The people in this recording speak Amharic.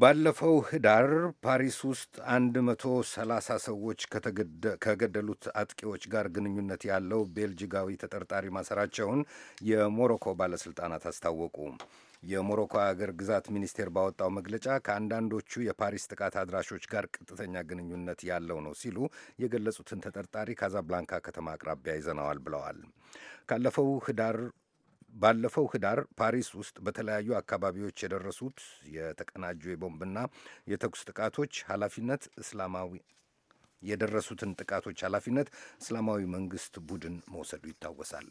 ባለፈው ህዳር ፓሪስ ውስጥ 130 ሰዎች ከገደሉት አጥቂዎች ጋር ግንኙነት ያለው ቤልጂጋዊ ተጠርጣሪ ማሰራቸውን የሞሮኮ ባለሥልጣናት አስታወቁ። የሞሮኮ አገር ግዛት ሚኒስቴር ባወጣው መግለጫ ከአንዳንዶቹ የፓሪስ ጥቃት አድራሾች ጋር ቀጥተኛ ግንኙነት ያለው ነው ሲሉ የገለጹትን ተጠርጣሪ ካዛብላንካ ከተማ አቅራቢያ ይዘነዋል ብለዋል። ካለፈው ህዳር ባለፈው ህዳር ፓሪስ ውስጥ በተለያዩ አካባቢዎች የደረሱት የተቀናጁ የቦምብና የተኩስ ጥቃቶች ኃላፊነት እስላማዊ የደረሱትን ጥቃቶች ኃላፊነት እስላማዊ መንግስት ቡድን መውሰዱ ይታወሳል።